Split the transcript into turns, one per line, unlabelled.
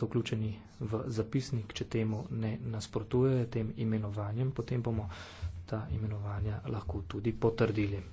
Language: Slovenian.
so vključeni v zapisnik, če temu ne nasprotujejo tem imenovanjem, potem bomo ta imenovanja lahko
tudi potrdili.